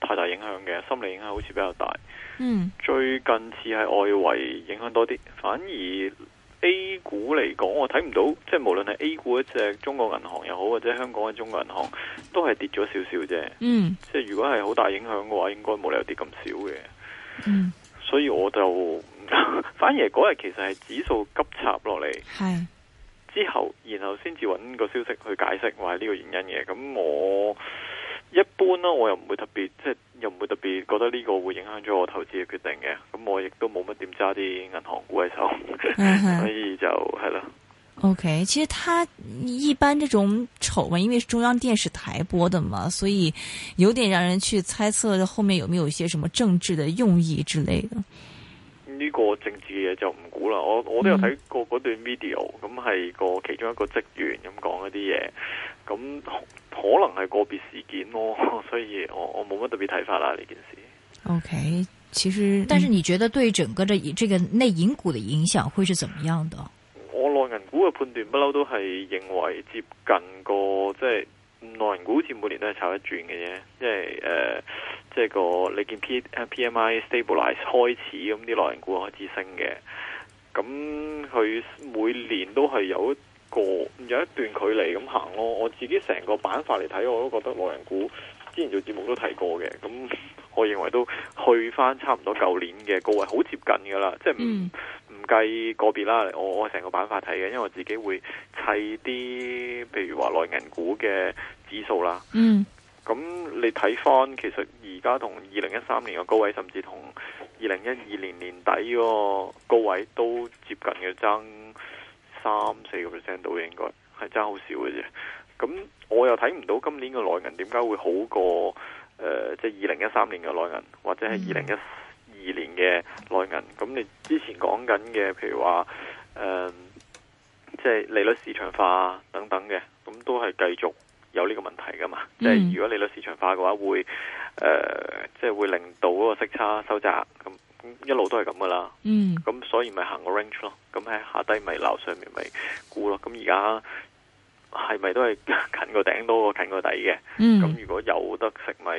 太大影響嘅，心理影響好似比較大。嗯，最近似係外圍影響多啲，反而 A 股嚟講，我睇唔到，即係無論係 A 股一隻中國銀行又好，或者香港嘅中國銀行，都係跌咗少少啫。嗯，即係如果係好大影響嘅話，應該冇理由跌咁少嘅。嗯，所以我就反而嗰日其實係指數急插落嚟，的之後然後先至揾個消息去解釋話呢個原因嘅。咁我。一般咯，我又唔會特別，即係又唔會特別覺得呢個會影響咗我投資嘅決定嘅。咁我亦都冇乜點揸啲銀行股喺手，uh huh. 所以就係咯。OK，其實他一般這種醜聞，因為中央電視台播的嘛，所以有點讓人去猜測後面有沒有一些什麼政治的用意之類的。呢個政治嘅嘢就唔估啦，我我都有睇過嗰段 video，咁係個其中一個職員咁講一啲嘢，咁可能係個別事件咯，所以我我冇乜特別睇法啦呢件事。OK，其實，嗯，但是你覺得對整個的這，這個內銀股嘅影響會是怎麼樣的？我內銀股嘅判斷不嬲都係認為接近個即係。內銀股好似每年都係炒一轉嘅啫，因為誒，即係個你見 P PMI stabilize 開始咁啲內銀股開始升嘅，咁佢每年都係有一個有一段距離咁行咯。我自己成個板塊嚟睇，我都覺得內銀股之前做節目都提過嘅，咁我認為都去翻差唔多舊年嘅高位，好接近噶啦，即係唔。嗯計個別啦，我我成個板塊睇嘅，因為我自己會砌啲，譬如話內銀股嘅指數啦。嗯，咁你睇翻，其實而家同二零一三年嘅高位，甚至同二零一二年年底個高位都接近嘅，爭三四個 percent 度應該係爭好少嘅啫。咁我又睇唔到今年嘅內銀點解會好過誒，即係二零一三年嘅內銀或者係二零一。二年嘅內銀，咁你之前講緊嘅，譬如話，誒、呃，即、就、係、是、利率市場化等等嘅，咁都係繼續有呢個問題噶嘛？嗯、即係如果利率市場化嘅話，會誒，即、呃、係、就是、會令到嗰個息差收窄，咁一路都係咁噶啦。嗯，咁所以咪行個 range 咯，咁喺下低咪撈，上面咪沽咯。咁而家係咪都係近個頂多近個底嘅？嗯，咁如果有得食咪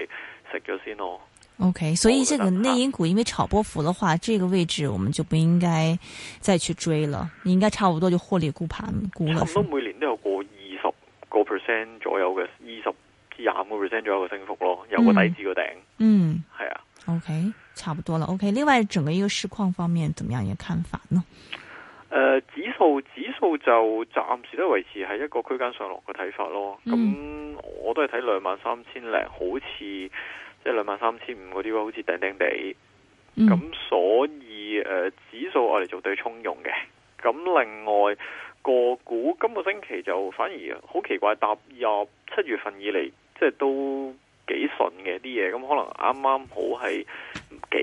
食咗先咯。OK，所以這個內銀股因為炒波幅的話，這個位置我們就不應該再去追了，應該差不多就獲利沽盤沽啦。都每年都有過二十個 percent 左右嘅二十至廿個 percent 左右嘅升幅咯，有個底子嘅頂嗯。嗯，係啊。OK，差不多了 OK，另外整個一個市況方面，怎麼樣嘅看法呢？呃、指數指數就暫時都維持喺一個區間上落嘅睇法咯。咁、嗯、我都係睇兩萬三千零，好似。即係兩萬三千五嗰啲好似頂頂地，咁、嗯、所以誒、呃、指數我哋做對沖用嘅。咁另外個股今個星期就反而好奇怪，踏入七月份以嚟，即係都幾順嘅啲嘢。咁可能啱啱好係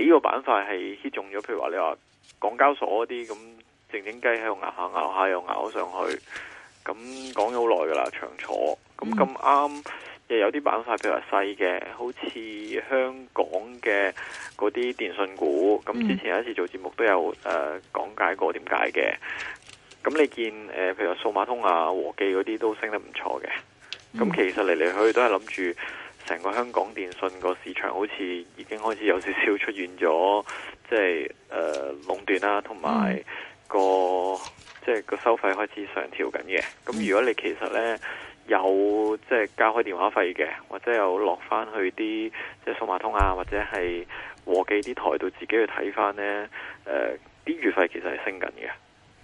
幾個板塊係 hit 中咗，譬如話你話港交所嗰啲咁，靜靜雞喺度咬下咬下又咬咗上去，咁講咗好耐噶啦，長坐咁咁啱。又有啲板塊譬如細嘅，好似香港嘅嗰啲電訊股，咁之前有一次做節目都有誒、呃、講解過點解嘅。咁你見誒、呃、譬如數碼通啊、和記嗰啲都升得唔錯嘅。咁其實嚟嚟去去都係諗住成個香港電訊個市場好似已經開始有少少出現咗，即係誒壟斷啦，同埋、那個即係、就是、個收費開始上調緊嘅。咁如果你其實呢。有即係交開電話費嘅，或者有落翻去啲即係數碼通啊，或者係和記啲台度自己去睇翻呢誒，啲、呃、月費其實係升緊嘅，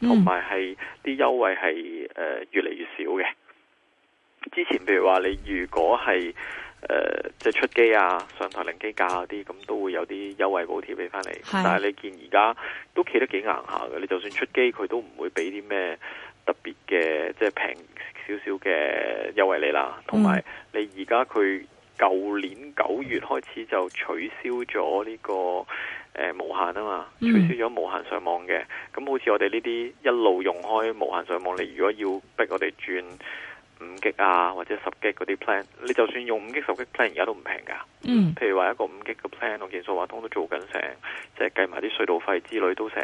同埋係啲優惠係誒、呃、越嚟越少嘅。之前譬如話你如果係誒即係出機啊，上台零機價嗰啲，咁都會有啲優惠補貼俾翻你。但係你見而家都企得幾硬下嘅，你就算出機佢都唔會俾啲咩特別嘅即係平。少少嘅優惠你啦，同埋你而家佢舊年九月開始就取消咗呢、這個誒、呃、無限啊嘛，取消咗無限上網嘅。咁好似我哋呢啲一路用開無限上網，你如果要逼我哋轉五 G 啊或者十 G 嗰啲 plan，你就算用五 G 十 G plan 而家都唔平㗎。嗯，譬如話一個五 G 嘅 plan，我見數碼通都做緊成，即、就、係、是、計埋啲隧道費之類都成，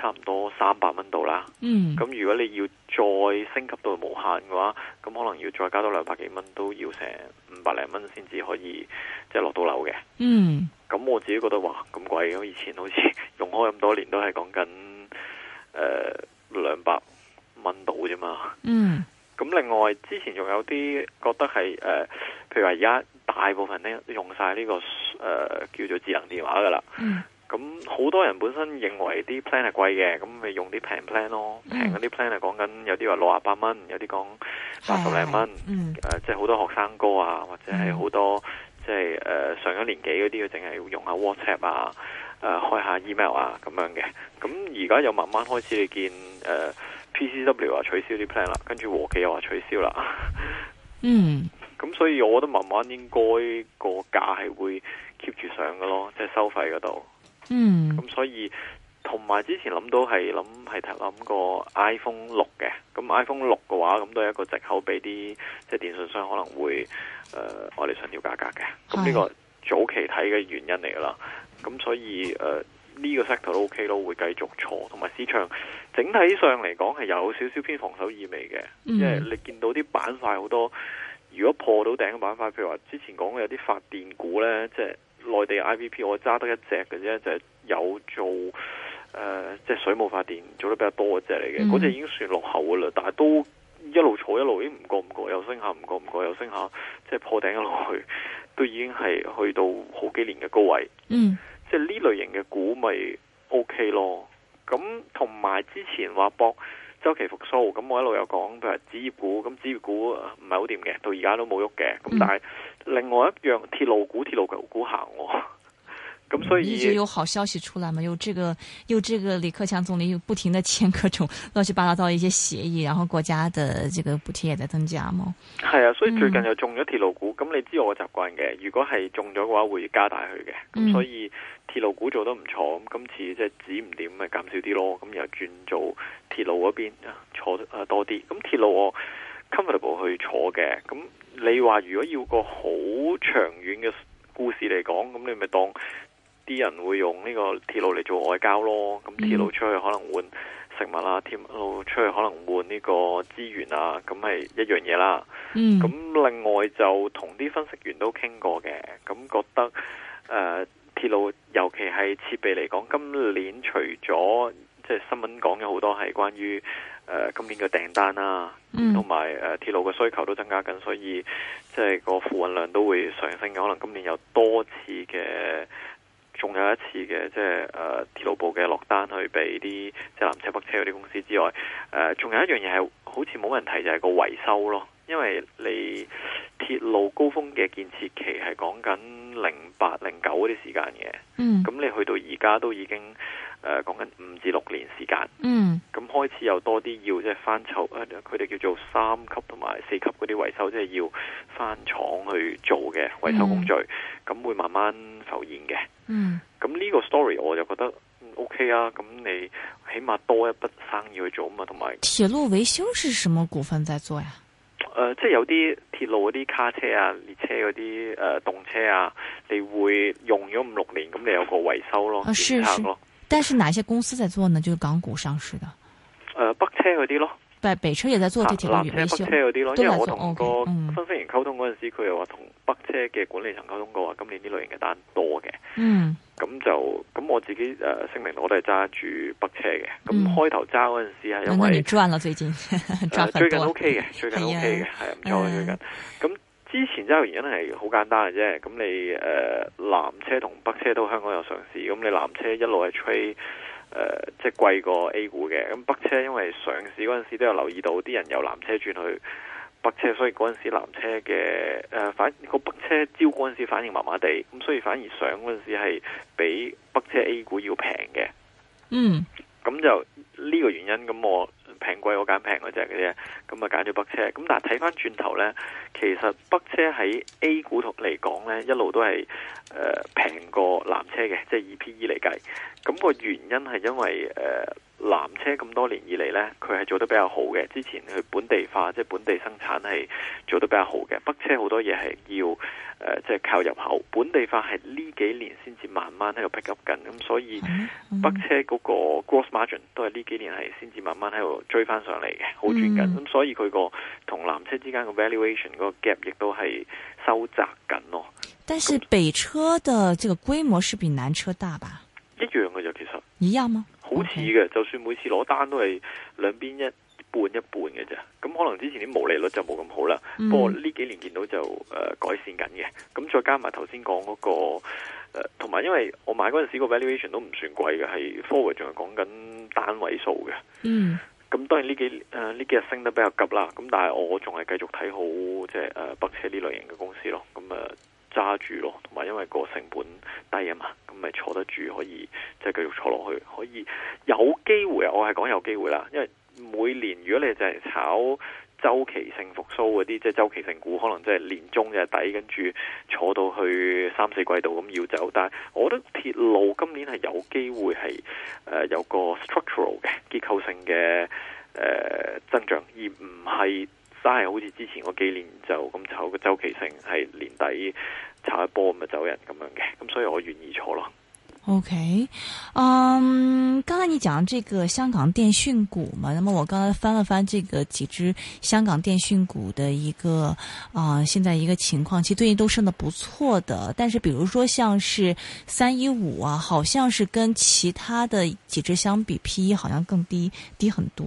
差唔多三百蚊到啦，咁、嗯、如果你要再升級到無限嘅話，咁可能要再加多兩百幾蚊，都要成五百零蚊先至可以即係落到樓嘅。咁、就是嗯、我自己覺得哇咁貴，咁以前好似用開咁多年都係講緊誒兩百蚊到啫嘛。咁、呃嗯、另外之前仲有啲覺得係誒、呃，譬如話而家大部分咧用晒呢、這個誒、呃、叫做智能電話噶啦。嗯咁好多人本身認為啲 plan 係貴嘅，咁咪用啲平 plan 咯，平嗰啲 plan 係講緊有啲話六十八蚊，有啲講八十零蚊，誒，即係好多學生哥啊，或者係好多即係、就是呃、上咗年紀嗰啲，佢淨係用下 WhatsApp 啊，誒、呃、開一下 email 啊咁樣嘅。咁而家又慢慢開始見誒、呃、PCW 啊取消啲 plan 啦，跟住和記又話取消啦。 嗯，咁所以我覺得慢慢應該個價係會 keep 住上嘅咯，即、就、係、是、收費嗰度。嗯，咁所以同埋之前諗到係諗係睇諗個 iPhone 六嘅，咁 iPhone 六嘅話咁都係一個借口俾啲即係電信商可能會誒我哋上調價格嘅，咁呢個早期睇嘅原因嚟噶啦。咁的所以誒呢、呃這個 sector 都 OK 咯，會繼續坐，同埋市場整體上嚟講係有少少偏防守意味嘅，即係、嗯、你見到啲板塊好多，如果破到頂嘅板塊，譬如話之前講嘅有啲發電股咧，即係。內地 I V P 我揸得一隻嘅啫，就係、是、有做誒，即、呃、係、就是、水務發電做得比較多嘅隻嚟嘅，嗰隻、嗯、已經算落後嘅啦。但係都一路坐一路，已依唔覺唔覺又升下，唔覺唔覺又升下，即、就、係、是、破頂一路去，都已經係去到好幾年嘅高位。嗯，即係呢類型嘅股咪 O K 咯。咁同埋之前話博。周期復甦，咁我一路有講譬如紙業股，咁紙業股唔係好掂嘅，到而家都冇喐嘅。咁但係另外一樣鐵路股，鐵路股股行喎。咁所以一直、嗯、有好消息出來嘛？又這個又這個李克強總理又不停地簽各種亂七八糟到一些協議，然後國家的這個補貼也在增加嘛？係啊，所以最近又中咗鐵路股。咁、嗯、你知道我習慣嘅，如果係中咗嘅話，會加大佢嘅。咁所以鐵路股做得唔錯。咁、嗯、今次即係止唔掂咪減少啲咯？咁又轉做鐵路嗰邊坐啊、呃、多啲。咁鐵路我 comfortable 去坐嘅。咁你話如果要個好長遠嘅故事嚟講，咁你咪當。啲人會用呢個鐵路嚟做外交咯，咁鐵路出去可能換食物啦、啊，mm. 鐵路出去可能換呢個資源啊，咁係一樣嘢啦。咁、mm. 另外就同啲分析員都傾過嘅，咁覺得誒、呃、鐵路尤其係設備嚟講，今年除咗即係新聞講嘅好多係關於誒、呃、今年嘅訂單啦、啊，同埋誒鐵路嘅需求都增加緊，所以即係個貨運量都會上升，可能今年有多次嘅。仲有一次嘅，即係誒鐵路部嘅落單去俾啲即南車北車嗰啲公司之外，誒、呃、仲有一樣嘢係好似冇人提就係、是、個維修咯。因為你鐵路高峰嘅建設期係講緊零八零九嗰啲時間嘅，嗯，咁你去到而家都已經誒講緊五至六年時間，嗯，咁開始有多啲要即係翻廠，佢、啊、哋叫做三級同埋四級嗰啲維修，即、就、係、是、要翻廠去做嘅維修工序，咁、mm. 會慢慢。投現嘅，嗯，咁呢個 story 我就覺得 OK 啊，咁你起碼多一筆生意去做啊嘛，同埋鐵路維修是什麼股份在做呀？呃，即係有啲鐵路啲卡車啊、列車嗰啲誒動車啊，你會用咗五六年，咁你有個維修咯，但是哪些公司在做呢？就是港股上市的，呃，北車嗰啲咯。南車北車也在做呢啲嘢嘅都做北車嗰啲咯，因為我同個分析員溝通嗰陣時，佢又話同北車嘅管理層溝通過話，今年呢類型嘅單多嘅。嗯。咁就咁我自己誒聲明，我都係揸住北車嘅。咁開頭揸嗰陣時係因為。你轉啦最近，最近 OK 嘅，最近 OK 嘅，係唔錯嘅最近。咁之前揸原因係好簡單嘅啫。咁你誒南車同北車都香港有上市，咁你南車一路係吹。誒、呃，即係貴過 A 股嘅，咁北車因為上市嗰陣時都有留意到，啲人由南車轉去北車，所以嗰陣時南車嘅誒、呃，反個北車招嗰陣時反應麻麻地，咁所以反而上嗰陣時係比北車 A 股要平嘅。嗯，咁就呢個原因，咁我。平貴我揀平嗰隻嘅啫，咁啊揀咗北車。咁但係睇返轉頭呢，其實北車喺 A 股同嚟講呢，一路都係誒平過南車嘅，即係以 PE 嚟計。咁、那個原因係因為誒。呃南車咁多年以嚟呢，佢係做得比較好嘅。之前佢本地化，即係本地生產係做得比較好嘅。北車好多嘢係要誒，即、呃、係、就是、靠入口。本地化係呢幾年先至慢慢喺度 pick up 緊、嗯，咁所以北車嗰個 gross margin 都係呢幾年係先至慢慢喺度追翻上嚟嘅，好轉緊。咁、嗯嗯、所以佢個同南車之間嘅 valuation 個 gap 亦都係收窄緊咯。但是北車的這個規模是比南車大吧？一樣嘅就其實一樣嗎？好似嘅，Okay. 就算每次攞單都係兩邊一半一半嘅啫，咁可能之前啲毛利率就冇咁好啦。嗯、不過呢幾年見到就誒、呃、改善緊嘅，咁再加埋頭先講嗰個誒，同、呃、埋因為我買嗰陣時個 valuation 都唔算貴嘅，係 forward 仲係講緊單位數嘅。嗯，咁當然呢幾誒呢、呃、幾日升得比較急啦，咁但係我仲係繼續睇好即係誒北車呢類型嘅公司咯，咁、嗯、啊。呃揸住咯，同埋因為個成本低啊嘛，咁咪坐得住，可以即係繼續坐落去，可以有機會啊！我係講有機會啦，因為每年如果你就係炒周期性復甦嗰啲，即係周期性股，可能即係年終嘅底，跟住坐到去三四季度咁要走。但係我覺得鐵路今年係有機會，係、呃、誒有個 structural 嘅結構性嘅誒、呃、增長，而唔係。真係好似之前嗰幾年就咁炒個周期性，係年底炒一波咁咪走人咁樣嘅，咁所以我願意坐咯。OK，嗯、um,，剛才你講這個香港電訊股嘛，那麼我剛才翻了翻這個幾支香港電訊股的一個啊、呃，現在一個情況，其實最近都升得不錯的，但是比如說像是三一五啊，好像是跟其他的幾支相比，P/E 好像更低，低很多。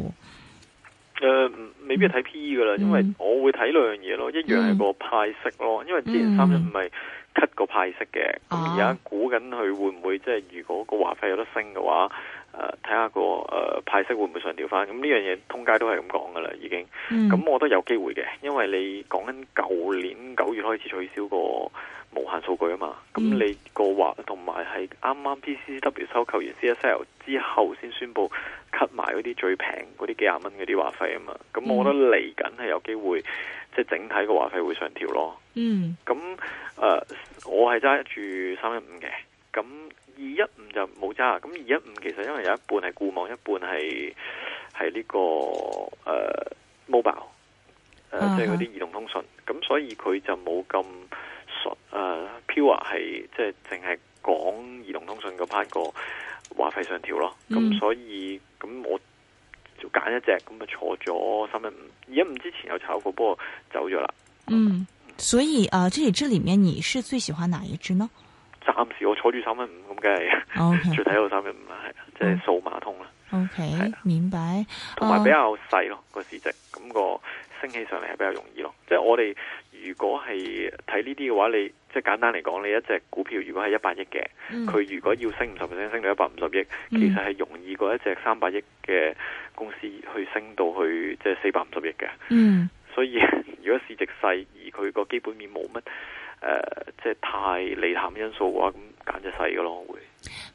嗯。Um, 未必睇 P E 噶啦，嗯、因為我會睇兩樣嘢咯，嗯、一樣係個派息咯，因為之前三一五係 cut 個派息嘅，咁而家估緊佢會唔會即係、就是、如果個話費有得升嘅話，睇、呃、下、個、呃、派息會唔會上調翻？咁呢樣嘢通街都係咁講噶啦，已經。咁、嗯、我覺得有機會嘅，因為你講緊舊年九月開始取消個無限數據啊嘛，咁、嗯、你個話同埋係啱啱 PCW 收購完 CSL 之後，先宣布 cut 埋嗰啲最平嗰啲幾廿蚊嗰啲話費啊嘛，咁我覺得嚟緊係有機會，即係、嗯、整體個話費會上調咯。嗯，咁誒、呃，我係揸住三一五嘅，咁二一五就冇揸。咁二一五其實因為有一半係固網，一半係係呢個誒、呃、mobile，誒即係嗰啲移動通訊，咁、嗯、所以佢就冇咁。誒，Pure 係即係淨係講移動通訊嗰 part 個話費上調咯，咁、嗯、所以咁我就揀一隻咁就坐咗三蚊五，二一五之前有炒過，不過走咗啦。嗯，Okay. 嗯，所以啊，這、呃、裏這裏面你是最喜歡哪一隻呢？暫時我坐住三蚊五，咁梗係哦，最睇到三蚊五啦，係即係數碼通啦。O Okay , K，的明白，同埋比較細咯個市值，咁、uh, 個升起上嚟係比較容易咯。即係我哋如果係睇呢啲嘅話，你即係簡單嚟講，你一隻股票如果係一百億嘅，佢、嗯、如果要升五十 percent，升到一百五十億，其實係容易過一隻三百億嘅公司去升到去即係四百五十億嘅。嗯，所以如果市值細而佢個基本面冇乜。誒、呃，即係太利淡因素嘅話，咁簡直細嘅咯。會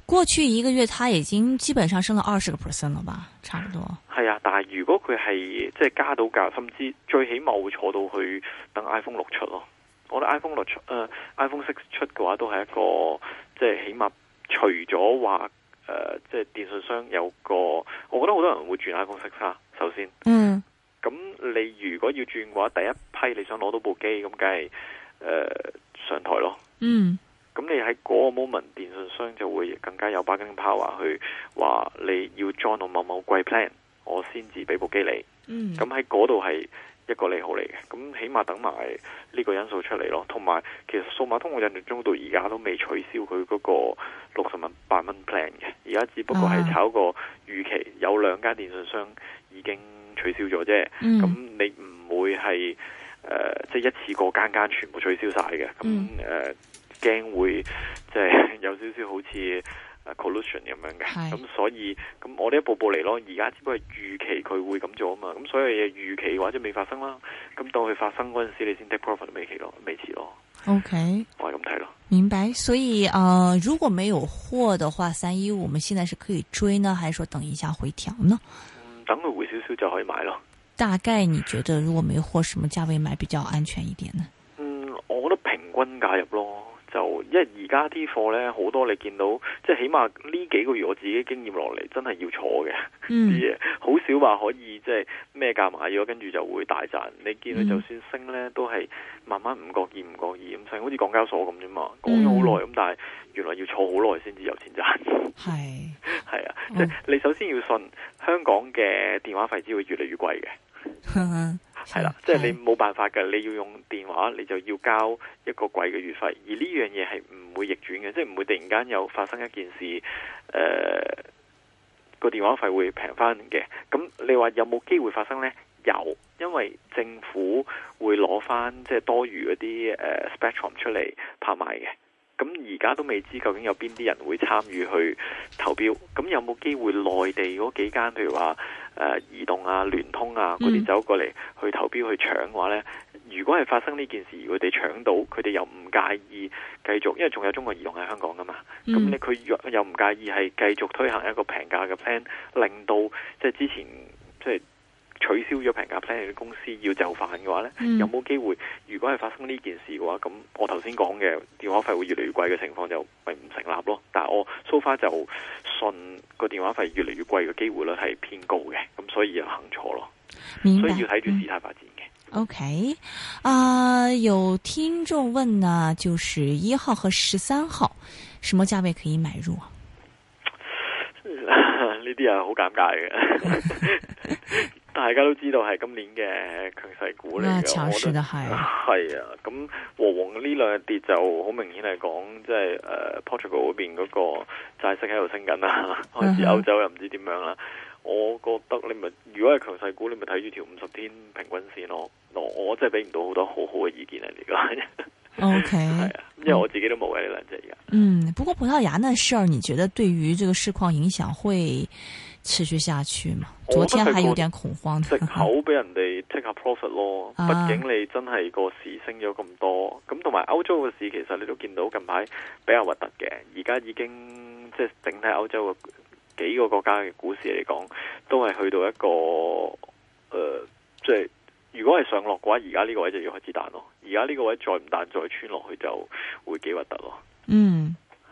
過去一個月，它已經基本上升到二十個 percent 啦吧？差唔多係啊。但係如果佢係即係加到價，甚至最起碼會坐到去等 iPhone 六出咯、啊。我覺得6、呃、iPhone 六出誒，iPhone six 出嘅話都係一個即係起碼除咗話誒，即係、呃、電信商有個，我覺得好多人會轉 iPhone six 啦、啊。首先，嗯，咁你如果要轉嘅話，第一批你想攞到部機咁，梗係。誒，uh, 上台咯。Mm. 嗯，咁你喺嗰個 moment，電信商就會更加有 bargaining power 去話你要 join 到某某貴 plan，我先至俾部機你。Mm. 嗯，咁喺嗰度係一個利好嚟嘅。咁、嗯、起碼等埋呢個因素出嚟咯。同埋，其實數碼通我印象中到而家都未取消佢嗰個六十萬八蚊 plan 嘅。而家只不過係炒個預期，有兩間電信商已經取消咗啫。Mm. 嗯、咁、嗯、你唔會係。誒、呃，即係一次過間間全部取消晒嘅，咁誒驚會即係有少少好似誒 collusion 咁樣嘅，咁、嗯、所以咁、嗯、我呢一步步嚟咯，而家只不過係預期佢會咁做啊嘛，咁、嗯、所有嘢預期或者未發生啦，咁到佢發生嗰陣時，你先 take profit 未期咯，未遲 Okay 咯。OK，我係咁睇咯。明白，所以啊、呃，如果沒有貨的話，三一五我們現在是可以追呢，還是說等一下回調呢？嗯，等佢回少少就可以買咯。大概你覺得，如果沒貨，什麼價位買比較安全一點呢？嗯，我覺得平均價入咯。就，因為而家啲貨呢，好多，你見到，即係起碼呢幾個月我自己的經驗落嚟，真係要坐嘅啲嘢，好、嗯、少話可以即係咩價買咗，跟住就會大賺。你見佢就算升呢，嗯、都係慢慢唔覺意，意、唔覺意。咁升，好似港交所咁啫嘛，講咗好耐咁，嗯、但係原來要坐好耐先至有錢賺。係係啊，嗯、即係你首先要信香港嘅電話費會越嚟越貴嘅。哈哈係啦，是即係你冇辦法嘅，你要用電話，你就要交一個貴嘅月費。而呢樣嘢係唔會逆轉嘅，即係唔會突然間又發生一件事，誒、呃、個電話費會平翻嘅。咁你話有冇機會發生呢？有，因為政府會攞翻即係多餘嗰啲誒、呃、Spectrum 出嚟拍賣嘅。咁而家都未知究竟有邊啲人會參與去投標。咁有冇機會內地嗰幾間譬如話？誒，uh, 移動啊、聯通啊嗰啲走過嚟去投標去搶嘅話咧，mm. 如果係發生呢件事，佢哋搶到，佢哋又唔介意繼續，因為仲有中國移動喺香港噶嘛，咁咧佢又又唔介意係繼續推行一個平價嘅 plan，令到即係、即係、之前即係。即係取消咗平價 plan 嘅公司要就範嘅話咧，嗯、有冇機會？如果係發生呢件事嘅話，咁我頭先講嘅電話費會越嚟越貴嘅情況就唔成立咯。但係我 so far 就信個電話費越嚟越貴嘅機會率係偏高嘅，咁所以又肯坐咯。白所以要睇住事態發展嘅、嗯。OK，啊、uh,，有聽眾問呢，就是一號和十三號，什麼價位可以買入啊？呢啲啊，好尷尬嘅。大家都知道係今年嘅強勢股嚟嘅，啊、我覺得係啊。咁和黃呢兩日跌就好明顯，係講即係誒，Portugal 嗰邊嗰個債息喺度升緊啦，開始歐洲又唔知點樣啦、啊。我覺得你咪如果係強勢股，你咪睇住條五十天平均線咯。我我真係俾唔到好多好好多好好嘅意見啊！呢、這個 OK 係啊，因為我自己都冇嘅呢兩隻嘢。嗯，嗯，不過葡萄牙呢，事，你覺得對於這個市況影響會？持續下去嘛？昨天還有點恐慌。食口俾人哋 take 下 profit 咯， 畢竟你真係個市升咗咁多。咁同埋歐洲嘅市，其實你都見到近排比較核突嘅。而家已經即係、就是、整體歐洲嘅幾個國家嘅股市嚟講，都係去到一個，誒、呃，即、就、係、是、如果係上落嘅話，而家呢個位就要開始彈咯。而家呢個位再唔彈再穿落去就會幾核突咯。嗯。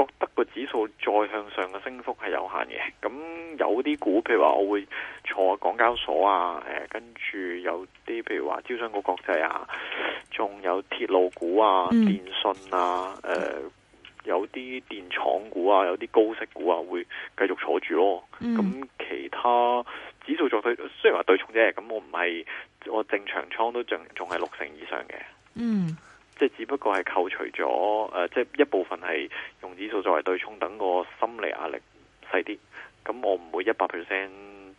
覺得個指數再向上嘅升幅係有限嘅，咁有啲股，譬如話我會坐港交所啊，誒、呃，跟住有啲譬如話招商局國際啊，仲有鐵路股啊、嗯、電信啊，誒、呃，有啲電廠股啊、有啲高息股啊，會繼續坐住咯。咁、嗯、其他指數再對，雖然話對沖啫，咁我唔係我正常倉都仲仲係六成以上嘅。嗯。即係只不過係扣除咗誒、呃，即係一部分係用指數作為對沖，等個心理壓力細啲。咁我唔會一百 percent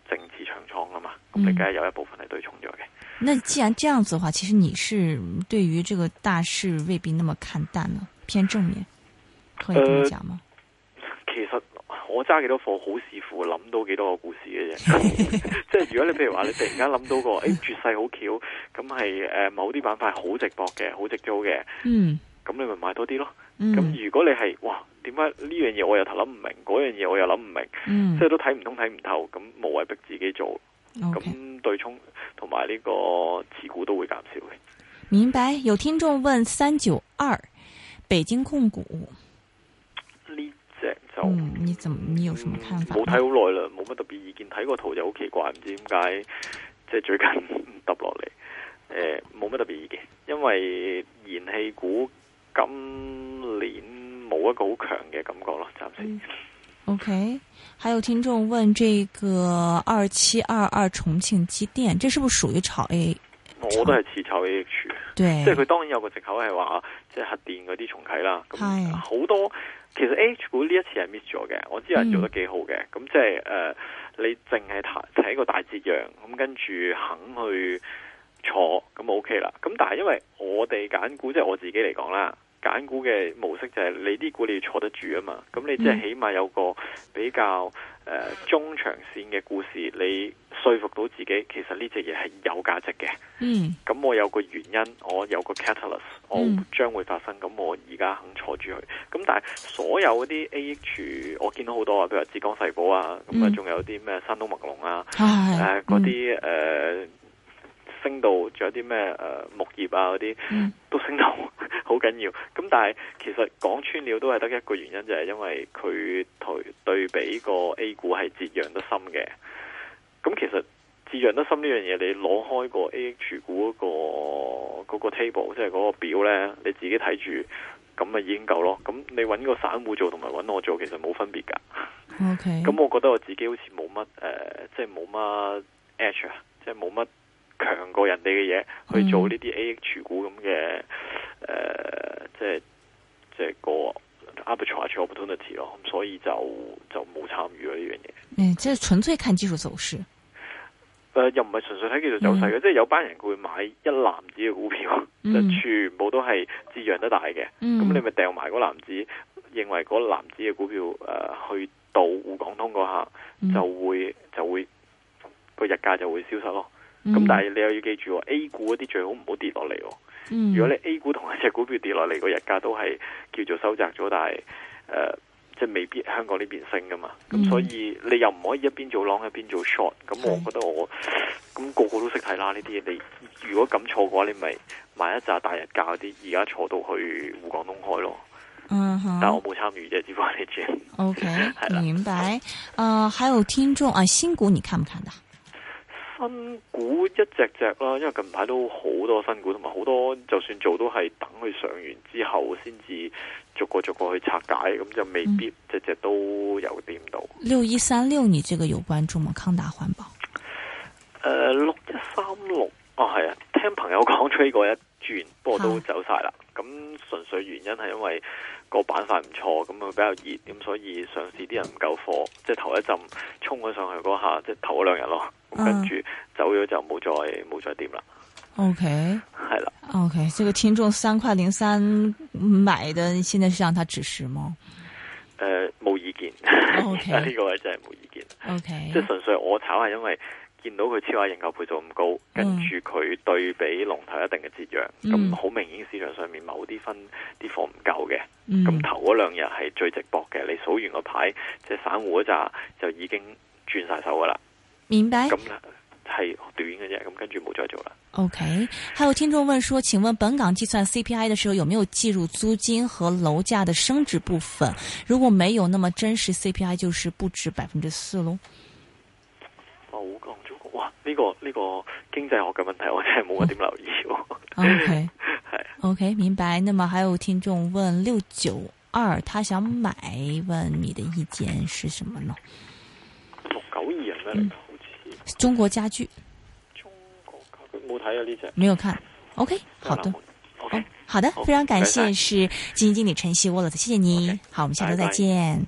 淨持長倉噶嘛，咁你梗係有一部分係對沖咗嘅。那既然這樣子的話，其實你是對於這個大市未必那麼看淡呢，啊，偏正面可以咁講嗎，呃？其實。我揸幾多貨，好視乎諗到幾多個故事嘅啫。 即係如果你譬如話你突然間諗到個，誒、 哎、絕世好橋，咁係誒某啲板塊好值博嘅，好值租嘅。嗯，咁你咪買多啲咯。咁、嗯、如果你係，哇，點解呢樣嘢我又頭諗唔明，嗰樣嘢我又諗唔明，嗯、即係都睇唔通睇唔透，咁無謂逼自己做，咁 Okay. 對沖同埋呢個持股都會減少嘅。明白，有聽眾問三九二北京控股。嗯，你怎麼你有什麼看法？冇睇好耐啦，冇乜特別意見。睇個圖就好奇怪，唔知點解，即係最近唔揼落嚟。誒、呃，冇乜特別意見，因為燃氣股今年冇一個好強嘅感覺咯，暫時。嗯、o、okay, K，還有聽眾問：這個二七二二重慶機電，這是不是屬於炒 A？朝我都係似炒 A。對即係佢當然有個借口係話，即係核電嗰啲重啟啦。咁好多是其實 H 股，呢一次係 miss 咗嘅，我知人做得幾好嘅。咁、嗯、即係誒、呃，你淨係睇睇個大隻樣，咁跟住肯去坐，咁 OK 啦。咁但係因為我哋揀股，即、就、係、是、我自己嚟講啦，揀股嘅模式就係你啲股你要坐得住啊嘛。咁你即係起碼有個比較。誒、呃，中長線嘅故事，你說服到自己，其實呢隻嘢係有價值嘅。嗯，咁我有個原因，我有個 catalyst，我將會發生。咁、嗯、我而家肯坐住佢。咁但係所有啲 AH，我見到好多比啊，譬如浙江世寶啊，咁啊，仲有啲咩山東墨龍啊，誒、啊，嗰啲誒。些升到仲有啲咩？誒、呃，木業啊嗰啲、嗯、都升到好緊要。咁但係其實講穿了都係得一個原因，就係、是、因為佢對對比個 A 股係折讓得深嘅。咁其實折讓得深呢樣嘢，你攞開個 A H 股嗰、那個、那個 table，即係嗰個表呢，你自己睇住咁咪已經夠咯。咁你搵個散戶做同埋搵我做，其實冇分別噶。OK。咁我覺得我自己好似冇乜誒，即係冇乜 edge，啊，即係冇乜。強過人哋嘅嘢去做呢啲 A H 股咁嘅誒，即係即係個 arbitrage opportunity 咯，咁所以就就冇參與呢樣嘢。嗯，即係純粹看技術走勢。誒、呃，又唔係純粹睇技術走勢嘅，嗯、即係有班人佢會買一籃子嘅股票，就、嗯、 全部都係折讓得大嘅，咁、嗯嗯、你咪掟埋嗰籃子，認為嗰籃子嘅股票誒、呃、去到滬港通嗰下就會就會個日價就會消失咯。咁、嗯、但係你又要記住，A 股嗰啲最好唔好跌落嚟，哦。嗯、如果你 A 股同一隻股票跌落嚟個日價都係叫做收窄咗，但係誒、呃、即係未必香港呢邊升噶嘛。咁、嗯嗯、所以你又唔可以一邊做 long 一邊做 short 是。咁我覺得我咁、那個個都識睇啦呢啲。你如果咁錯嘅話，你咪買一扎大日價嗰啲，而家坐到去滬港通開咯。但、嗯、哼，但我冇參與啫，只不過你知。O okay , K， 的明白。啊、呃，還有聽眾啊，新股你看不看的？新股一隻隻啦，因為近排都好多新股，同埋好多就算做都係等佢上完之後先至逐個逐個去拆解，咁就未必隻只都有掂到。六一三六，6 6, 你這個有關注嗎？康達環保？誒、呃，六一三六，哦係啊，聽朋友講追過一轉，不過都走晒啦。咁純粹原因係因為。個板塊唔錯，咁啊比較熱，咁所以上市啲人唔夠貨，即係頭一陣衝咗上去嗰下，即係頭兩日咯，跟住走咗就冇再冇、啊、再掂 okay, 啦。OK，係啦。OK，呢個聽眾三塊零三買的，現在是讓它止蝕嗎？誒、呃，冇意見。啊、OK，呢個位真係冇意見。OK，, okay. 即係純粹我炒係因為。見到佢超額認購倍數咁高，跟住佢對比龍頭一定嘅折讓，咁好、嗯嗯、明顯市場上面某啲分啲貨唔夠嘅，咁、嗯、頭嗰兩日係最值博嘅。你數完個牌，即散戶嗰扎就已經轉晒手㗎喇。明白。咁啦，係短嘅啫，咁跟住冇再做啦。OK，還有聽眾問說：請問本港計算 CPI 的時候，有沒有計入租金和樓價的升值部分？如果沒有，那麼真實 CPI 就是不止百分之四咯。冇哇！呢、這個呢、這個經濟學嘅問題，我真係冇乜點留意。哦、嗯，係 okay. OK 明白。那麼還有聽眾問六九二，他想買，問你的意見是什麼呢？六九二啊？咩、嗯、好似像中國家具。中國家具冇睇啊呢隻，沒有看。OK，好的。OK，好的，非常感謝，謝，謝，是基金經理陳昕沃勒，謝謝你。Okay. 好，我們下周再見。